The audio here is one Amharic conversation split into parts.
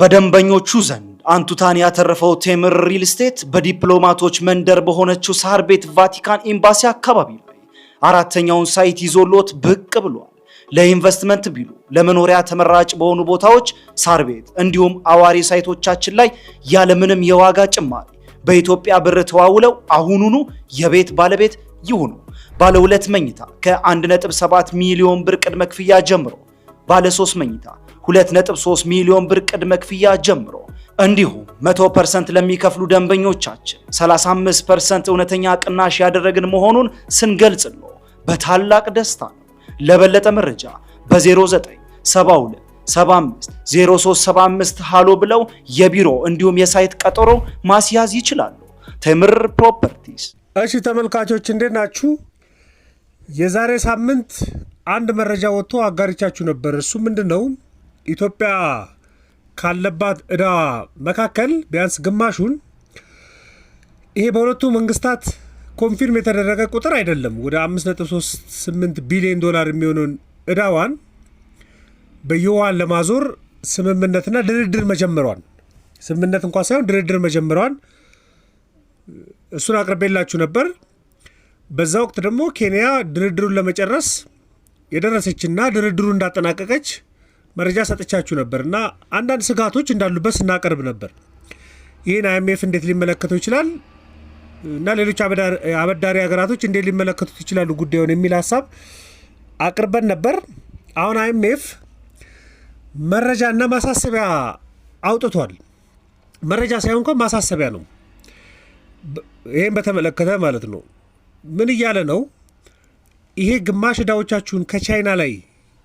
በደንበኞቹ ዘንድ አንቱታን ያተረፈው ቴምር ሪል ስቴት በዲፕሎማቶች መንደር በሆነችው ሳር ቤት ቫቲካን ኤምባሲ አካባቢ ላይ አራተኛውን ሳይት ይዞሎት ብቅ ብሏል። ለኢንቨስትመንት ቢሉ ለመኖሪያ ተመራጭ በሆኑ ቦታዎች ሳር ቤት እንዲሁም አዋሪ ሳይቶቻችን ላይ ያለምንም የዋጋ ጭማሪ በኢትዮጵያ ብር ተዋውለው አሁኑኑ የቤት ባለቤት ይሁኑ። ባለ ሁለት መኝታ ከ1.7 ሚሊዮን ብር ቅድመ ክፍያ ጀምሮ ባለ ሶስት መኝታ 2.3 ሚሊዮን ብር ቅድመ ክፍያ ጀምሮ እንዲሁም 100% ለሚከፍሉ ደንበኞቻችን 35% እውነተኛ ቅናሽ ያደረግን መሆኑን ስንገልጽ ነው በታላቅ ደስታ ነው። ለበለጠ መረጃ በ0972 75 0375 ሃሎ ብለው የቢሮ እንዲሁም የሳይት ቀጠሮ ማስያዝ ይችላሉ። ተምር ፕሮፐርቲስ። እሺ ተመልካቾች እንዴት ናችሁ? የዛሬ ሳምንት አንድ መረጃ ወጥቶ አጋሪቻችሁ ነበር። እሱ ምንድን ነው? ኢትዮጵያ ካለባት እዳ መካከል ቢያንስ ግማሹን ይሄ በሁለቱ መንግስታት ኮንፊርም የተደረገ ቁጥር አይደለም፣ ወደ 538 ቢሊዮን ዶላር የሚሆነውን እዳዋን በየዋን ለማዞር ስምምነትና ድርድር መጀመሯን ስምምነት እንኳ ሳይሆን ድርድር መጀመሯን እሱን አቅርቤላችሁ ነበር። በዛ ወቅት ደግሞ ኬንያ ድርድሩን ለመጨረስ የደረሰችና ድርድሩ እንዳጠናቀቀች መረጃ ሰጥቻችሁ ነበር እና አንዳንድ ስጋቶች እንዳሉበት ስናቀርብ ነበር። ይህን አይኤምኤፍ እንዴት ሊመለከተው ይችላል እና ሌሎች አበዳሪ ሀገራቶች እንዴት ሊመለከቱት ይችላሉ ጉዳዩን የሚል ሀሳብ አቅርበን ነበር። አሁን አይኤምኤፍ መረጃና ማሳሰቢያ አውጥቷል። መረጃ ሳይሆን እንኳን ማሳሰቢያ ነው። ይህም በተመለከተ ማለት ነው። ምን እያለ ነው? ይሄ ግማሽ ዳዎቻችሁን ከቻይና ላይ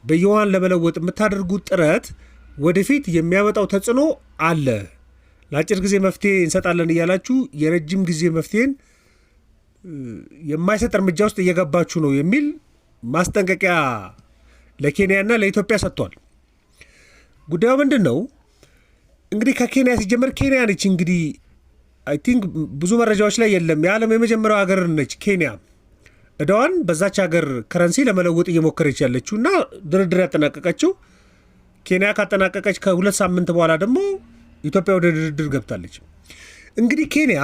በየዋን ለመለወጥ የምታደርጉት ጥረት ወደፊት የሚያመጣው ተጽዕኖ አለ። ለአጭር ጊዜ መፍትሄ እንሰጣለን እያላችሁ የረጅም ጊዜ መፍትሄን የማይሰጥ እርምጃ ውስጥ እየገባችሁ ነው የሚል ማስጠንቀቂያ ለኬንያና ለኢትዮጵያ ሰጥቷል። ጉዳዩ ምንድን ነው? እንግዲህ ከኬንያ ሲጀመር ኬንያ ነች እንግዲህ አይ ቲንክ ብዙ መረጃዎች ላይ የለም። የዓለም የመጀመሪያው ሀገር ነች ኬንያ። እዳዋን በዛች ሀገር ከረንሲ ለመለወጥ እየሞከረች ያለችው እና ድርድር ያጠናቀቀችው ኬንያ ካጠናቀቀች ከሁለት ሳምንት በኋላ ደግሞ ኢትዮጵያ ወደ ድርድር ገብታለች። እንግዲህ ኬንያ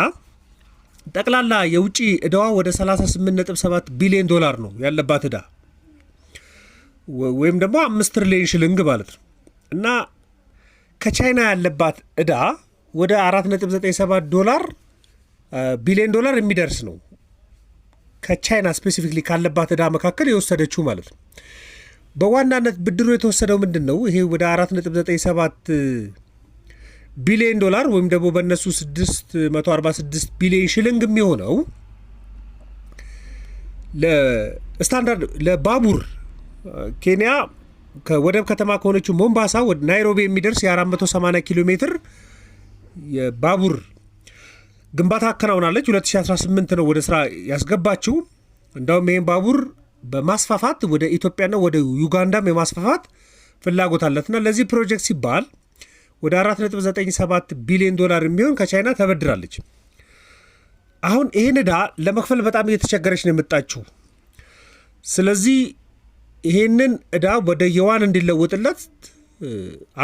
ጠቅላላ የውጭ እዳዋ ወደ 38.7 ቢሊዮን ዶላር ነው ያለባት እዳ ወይም ደግሞ አምስት ትሪሊዮን ሽልንግ ማለት ነው እና ከቻይና ያለባት እዳ ወደ 4.97 ዶላር ቢሊዮን ዶላር የሚደርስ ነው ከቻይና ስፔሲፊክሊ ካለባት እዳ መካከል የወሰደችው ማለት ነው። በዋናነት ብድሩ የተወሰደው ምንድን ነው? ይሄ ወደ 4.97 ቢሊዮን ዶላር ወይም ደግሞ በእነሱ 646 ቢሊዮን ሽልንግ የሚሆነው ለስታንዳርድ ለባቡር ኬንያ ከወደብ ከተማ ከሆነችው ሞምባሳ ወደ ናይሮቢ የሚደርስ የ480 ኪሎ ሜትር የባቡር ግንባታ አከናውናለች። 2018 ነው ወደ ስራ ያስገባችው። እንዳውም ይህም ባቡር በማስፋፋት ወደ ኢትዮጵያና ወደ ዩጋንዳም የማስፋፋት ፍላጎት አላትና ለዚህ ፕሮጀክት ሲባል ወደ 4.97 ቢሊዮን ዶላር የሚሆን ከቻይና ተበድራለች። አሁን ይህን ዕዳ ለመክፈል በጣም እየተቸገረች ነው የመጣችው። ስለዚህ ይህንን ዕዳ ወደ የዋን እንዲለወጥለት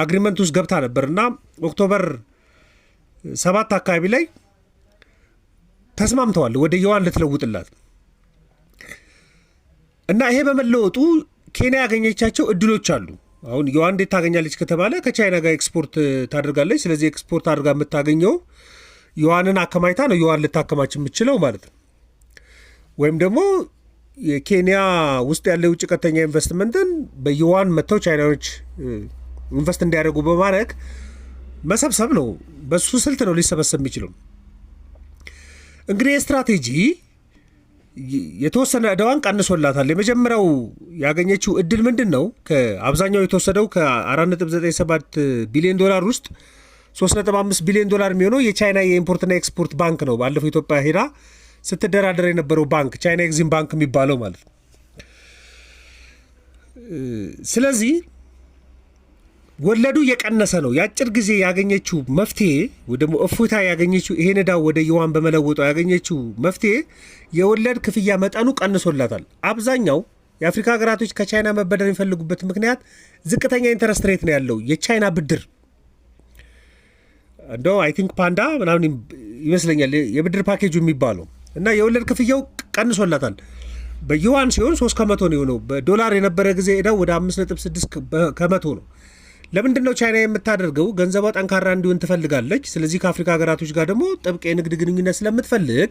አግሪመንት ውስጥ ገብታ ነበር እና ኦክቶበር ሰባት አካባቢ ላይ ተስማምተዋል። ወደ የዋን ልትለውጥላት እና ይሄ በመለወጡ ኬንያ ያገኘቻቸው እድሎች አሉ። አሁን ዮዋን እንዴት ታገኛለች ከተባለ ከቻይና ጋር ኤክስፖርት ታደርጋለች። ስለዚህ ኤክስፖርት አድርጋ የምታገኘው የዋንን አከማይታ ነው የዋን ልታከማች የምችለው ማለት ነው። ወይም ደግሞ የኬንያ ውስጥ ያለ የውጭ ቀተኛ ኢንቨስትመንትን በየዋን መጥተው ቻይናዎች ኢንቨስት እንዲያደርጉ በማድረግ መሰብሰብ ነው። በሱ ስልት ነው ሊሰበሰብ የሚችለው። እንግዲህ ስትራቴጂ የተወሰነ እደዋን ቀንሶላታል። የመጀመሪያው ያገኘችው እድል ምንድን ነው? አብዛኛው የተወሰደው ከ4.97 ቢሊዮን ዶላር ውስጥ 3.5 ቢሊዮን ዶላር የሚሆነው የቻይና የኢምፖርትና ኤክስፖርት ባንክ ነው። ባለፈው ኢትዮጵያ ሄዳ ስትደራደር የነበረው ባንክ ቻይና ኤግዚም ባንክ የሚባለው ማለት ነው። ስለዚህ ወለዱ እየቀነሰ ነው። የአጭር ጊዜ ያገኘችው መፍትሄ ደግሞ እፎይታ ያገኘችው ይሄን ዕዳ ወደ የዋን በመለወጧ ያገኘችው መፍትሄ የወለድ ክፍያ መጠኑ ቀንሶላታል። አብዛኛው የአፍሪካ ሀገራቶች ከቻይና መበደር የሚፈልጉበት ምክንያት ዝቅተኛ ኢንተረስት ሬት ነው ያለው የቻይና ብድር እንደ አይ ቲንክ ፓንዳ ምናምን ይመስለኛል የብድር ፓኬጁ የሚባለው እና የወለድ ክፍያው ቀንሶላታል። በዩዋን ሲሆን 3 ከመቶ ነው የሆነው። በዶላር የነበረ ጊዜ ዕዳው ወደ 5.6 ከመቶ ነው። ለምንድን ነው ቻይና የምታደርገው? ገንዘቧ ጠንካራ እንዲሆን ትፈልጋለች። ስለዚህ ከአፍሪካ ሀገራቶች ጋር ደግሞ ጥብቅ የንግድ ግንኙነት ስለምትፈልግ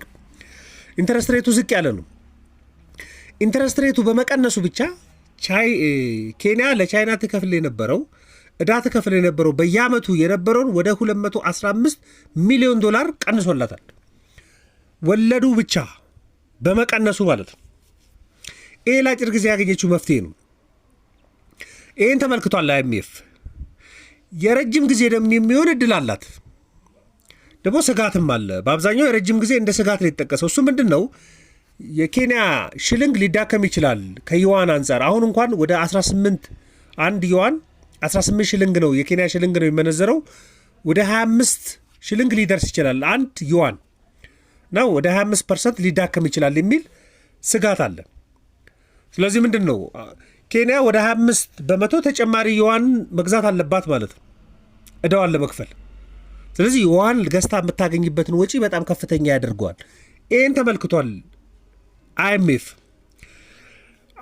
ኢንተረስት ሬቱ ዝቅ ያለ ነው። ኢንተረስት ሬቱ በመቀነሱ ብቻ ኬንያ ለቻይና ትከፍል የነበረው እዳ ትከፍል የነበረው በየአመቱ የነበረውን ወደ 215 ሚሊዮን ዶላር ቀንሶላታል። ወለዱ ብቻ በመቀነሱ ማለት ነው። ይሄ ለአጭር ጊዜ ያገኘችው መፍትሄ ነው። ይህን ተመልክቷል አይኤምኤፍ። የረጅም ጊዜ ደግሞ የሚሆን እድል አላት። ደግሞ ስጋትም አለ። በአብዛኛው የረጅም ጊዜ እንደ ስጋት ነው የተጠቀሰው። እሱ ምንድን ነው? የኬንያ ሽልንግ ሊዳከም ይችላል ከዩዋን አንጻር። አሁን እንኳን ወደ 18 አንድ ዩዋን 18 ሽልንግ ነው፣ የኬንያ ሽልንግ ነው የሚመነዘረው። ወደ 25 ሽልንግ ሊደርስ ይችላል አንድ ዩዋን ነው፣ ወደ 25 ፐርሰንት ሊዳከም ይችላል የሚል ስጋት አለ። ስለዚህ ምንድን ነው ኬንያ ወደ 25 በመቶ ተጨማሪ የዋን መግዛት አለባት ማለት ነው እዳዋን ለመክፈል። ስለዚህ የዋን ገዝታ የምታገኝበትን ወጪ በጣም ከፍተኛ ያደርገዋል። ይህን ተመልክቷል አይኤምኤፍ።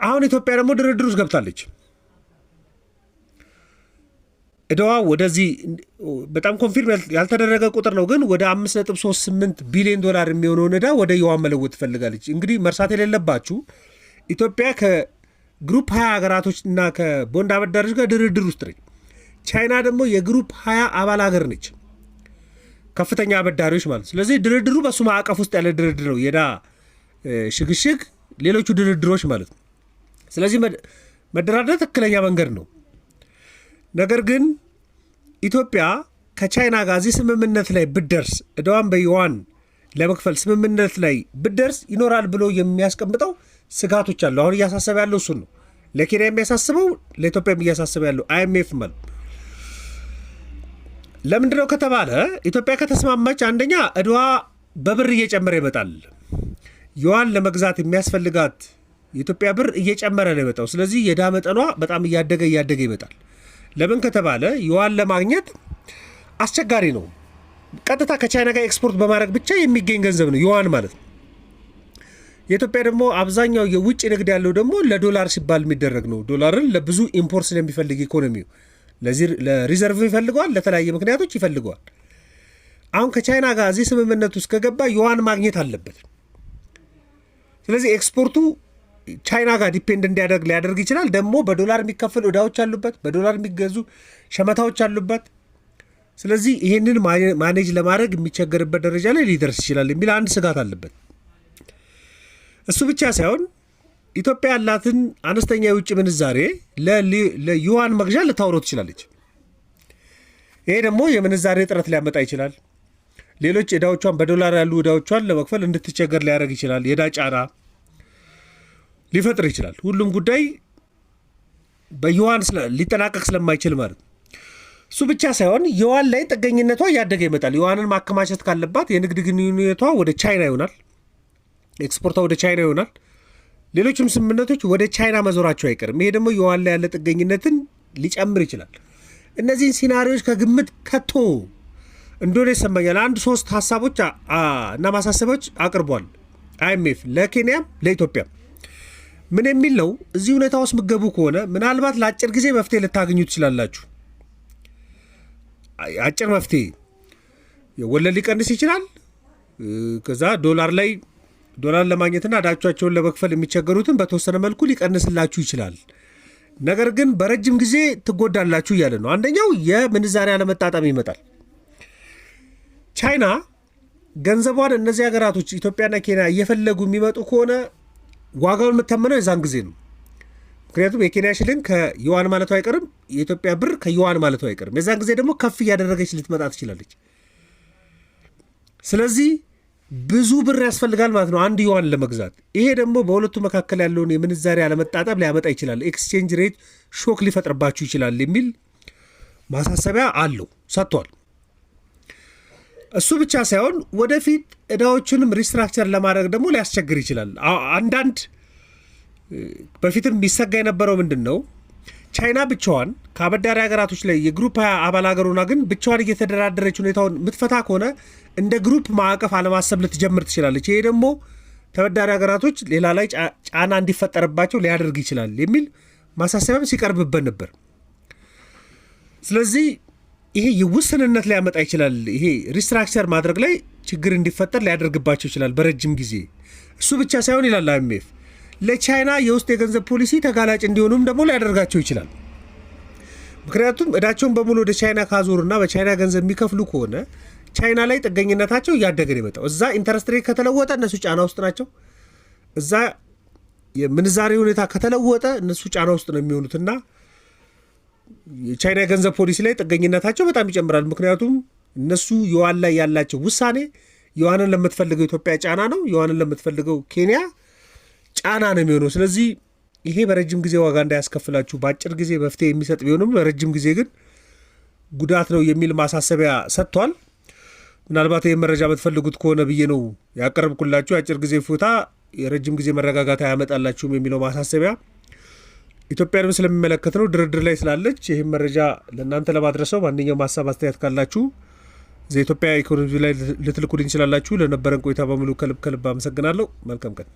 አሁን ኢትዮጵያ ደግሞ ድርድር ውስጥ ገብታለች። እደዋ ወደዚህ በጣም ኮንፊርም ያልተደረገ ቁጥር ነው፣ ግን ወደ 5.38 ቢሊዮን ዶላር የሚሆነውን እዳ ወደ የዋን መለወጥ ትፈልጋለች። እንግዲህ መርሳት የሌለባችሁ ኢትዮጵያ ግሩፕ ሀያ ሀገራቶች እና ከቦንድ አበዳሪዎች ጋር ድርድር ውስጥ ነች። ቻይና ደግሞ የግሩፕ ሀያ አባል ሀገር ነች፣ ከፍተኛ አበዳሪዎች ማለት። ስለዚህ ድርድሩ በሱ ማዕቀፍ ውስጥ ያለ ድርድር ነው፣ የዳ ሽግሽግ፣ ሌሎቹ ድርድሮች ማለት ነው። ስለዚህ መደራደር ትክክለኛ መንገድ ነው። ነገር ግን ኢትዮጵያ ከቻይና ጋር እዚህ ስምምነት ላይ ብደርስ እደዋን በዩዋን ለመክፈል ስምምነት ላይ ብደርስ ይኖራል ብሎ የሚያስቀምጠው ስጋቶች አሉ። አሁን እያሳሰበ ያለው እሱን ነው። ለኬንያ የሚያሳስበው ለኢትዮጵያም እያሳሰበ ያለው አይኤምኤፍ ማለት ለምንድነው ከተባለ ኢትዮጵያ ከተስማማች አንደኛ እድዋ በብር እየጨመረ ይመጣል። ይዋን ለመግዛት የሚያስፈልጋት የኢትዮጵያ ብር እየጨመረ ነው የመጣው። ስለዚህ የዕዳ መጠኗ በጣም እያደገ እያደገ ይመጣል። ለምን ከተባለ ይዋን ለማግኘት አስቸጋሪ ነው። ቀጥታ ከቻይና ጋር ኤክስፖርት በማድረግ ብቻ የሚገኝ ገንዘብ ነው ይዋን ማለት ነው። የኢትዮጵያ ደግሞ አብዛኛው የውጭ ንግድ ያለው ደግሞ ለዶላር ሲባል የሚደረግ ነው። ዶላርን ለብዙ ኢምፖርት ስለሚፈልግ ኢኮኖሚው ለዚህ ለሪዘርቭ ይፈልገዋል፣ ለተለያየ ምክንያቶች ይፈልገዋል። አሁን ከቻይና ጋር እዚህ ስምምነት ውስጥ ከገባ ዩዋን ማግኘት አለበት። ስለዚህ ኤክስፖርቱ ቻይና ጋር ዲፔንድ እንዲያደርግ ሊያደርግ ይችላል። ደግሞ በዶላር የሚከፈል እዳዎች አሉበት፣ በዶላር የሚገዙ ሸመታዎች አሉበት። ስለዚህ ይህንን ማኔጅ ለማድረግ የሚቸገርበት ደረጃ ላይ ሊደርስ ይችላል የሚል አንድ ስጋት አለበት። እሱ ብቻ ሳይሆን ኢትዮጵያ ያላትን አነስተኛ የውጭ ምንዛሬ ለዩዋን መግዣ ልታውለው ትችላለች። ይሄ ደግሞ የምንዛሬ እጥረት ሊያመጣ ይችላል። ሌሎች ዕዳዎቿን በዶላር ያሉ ዕዳዎቿን ለመክፈል እንድትቸገር ሊያደርግ ይችላል። የዳ ጫና ሊፈጥር ይችላል። ሁሉም ጉዳይ በዩዋን ሊጠናቀቅ ስለማይችል ማለት ነው። እሱ ብቻ ሳይሆን የዋን ላይ ጥገኝነቷ እያደገ ይመጣል። የዋንን ማከማቸት ካለባት የንግድ ግንኙነቷ ወደ ቻይና ይሆናል። ኤክስፖርቷ ወደ ቻይና ይሆናል። ሌሎችም ስምምነቶች ወደ ቻይና መዞራቸው አይቀርም። ይሄ ደግሞ የዋላ ያለ ጥገኝነትን ሊጨምር ይችላል። እነዚህን ሲናሪዎች ከግምት ከቶ እንደሆነ ይሰማኛል። አንድ ሶስት ሀሳቦች እና ማሳሰቢያዎች አቅርቧል አይኤምኤፍ ለኬንያም ለኢትዮጵያም። ምን የሚል ነው? እዚህ ሁኔታ ውስጥ ምገቡ ከሆነ ምናልባት ለአጭር ጊዜ መፍትሄ ልታገኙ ትችላላችሁ። አጭር መፍትሄ ወለድ ሊቀንስ ይችላል። ከዛ ዶላር ላይ ዶላር ለማግኘትና ዕዳቸውን ለመክፈል የሚቸገሩትን በተወሰነ መልኩ ሊቀንስላችሁ ይችላል። ነገር ግን በረጅም ጊዜ ትጎዳላችሁ እያለ ነው። አንደኛው የምንዛሪ አለመጣጣም ይመጣል። ቻይና ገንዘቧን እነዚህ ሀገራቶች ኢትዮጵያና ኬንያ እየፈለጉ የሚመጡ ከሆነ ዋጋውን የምታመነው የዛን ጊዜ ነው። ምክንያቱም የኬንያ ሽልን ከዩዋን ማለቱ አይቀርም፣ የኢትዮጵያ ብር ከዩዋን ማለቱ አይቀርም። የዛን ጊዜ ደግሞ ከፍ እያደረገች ልትመጣ ትችላለች። ስለዚህ ብዙ ብር ያስፈልጋል ማለት ነው አንድ ዩዋን ለመግዛት። ይሄ ደግሞ በሁለቱ መካከል ያለውን የምንዛሪ አለመጣጠብ ሊያመጣ ይችላል፣ ኤክስቼንጅ ሬት ሾክ ሊፈጥርባችሁ ይችላል የሚል ማሳሰቢያ አለው ሰጥቷል። እሱ ብቻ ሳይሆን ወደፊት እዳዎቹንም ሪስትራክቸር ለማድረግ ደግሞ ሊያስቸግር ይችላል። አንዳንድ በፊትም የሚሰጋ የነበረው ምንድን ነው ቻይና ብቻዋን ከአበዳሪ ሀገራቶች ላይ የግሩፕ አባል ሀገር ሆና ግን ብቻዋን እየተደራደረች ሁኔታውን የምትፈታ ከሆነ እንደ ግሩፕ ማዕቀፍ አለማሰብ ልትጀምር ትችላለች። ይሄ ደግሞ ተበዳሪ ሀገራቶች ሌላ ላይ ጫና እንዲፈጠርባቸው ሊያደርግ ይችላል የሚል ማሳሰቢያም ሲቀርብበት ነበር። ስለዚህ ይሄ የውስንነት ሊያመጣ ይችላል። ይሄ ሪስትራክቸር ማድረግ ላይ ችግር እንዲፈጠር ሊያደርግባቸው ይችላል በረጅም ጊዜ። እሱ ብቻ ሳይሆን ይላል አይኤምኤፍ ለቻይና የውስጥ የገንዘብ ፖሊሲ ተጋላጭ እንዲሆኑም ደግሞ ሊያደርጋቸው ይችላል። ምክንያቱም እዳቸውን በሙሉ ወደ ቻይና ካዞሩና በቻይና ገንዘብ የሚከፍሉ ከሆነ ቻይና ላይ ጥገኝነታቸው እያደገ ነው የመጣው። እዛ ኢንተረስት ሬት ከተለወጠ እነሱ ጫና ውስጥ ናቸው። እዛ የምንዛሬ ሁኔታ ከተለወጠ እነሱ ጫና ውስጥ ነው የሚሆኑትና የቻይና የገንዘብ ፖሊሲ ላይ ጥገኝነታቸው በጣም ይጨምራል። ምክንያቱም እነሱ የዋን ላይ ያላቸው ውሳኔ የዋንን ለምትፈልገው ኢትዮጵያ ጫና ነው። የዋንን ለምትፈልገው ኬንያ ጫና ነው የሚሆነው። ስለዚህ ይሄ በረጅም ጊዜ ዋጋ እንዳያስከፍላችሁ በአጭር ጊዜ መፍትሄ የሚሰጥ ቢሆንም በረጅም ጊዜ ግን ጉዳት ነው የሚል ማሳሰቢያ ሰጥቷል። ምናልባት ይህ መረጃ የምትፈልጉት ከሆነ ብዬ ነው ያቀረብኩላችሁ። የአጭር ጊዜ ፎታ የረጅም ጊዜ መረጋጋት አያመጣላችሁም የሚለው ማሳሰቢያ ኢትዮጵያንም ስለሚመለከት ነው፣ ድርድር ላይ ስላለች። ይህም መረጃ ለእናንተ ለማድረሰው ማንኛውም ሀሳብ አስተያየት ካላችሁ ዘኢትዮጵያ ኢኮኖሚ ላይ ልትልኩልኝ ይችላላችሁ። ለነበረን ቆይታ በሙሉ ከልብ ከልብ አመሰግናለሁ። መልካም ቀን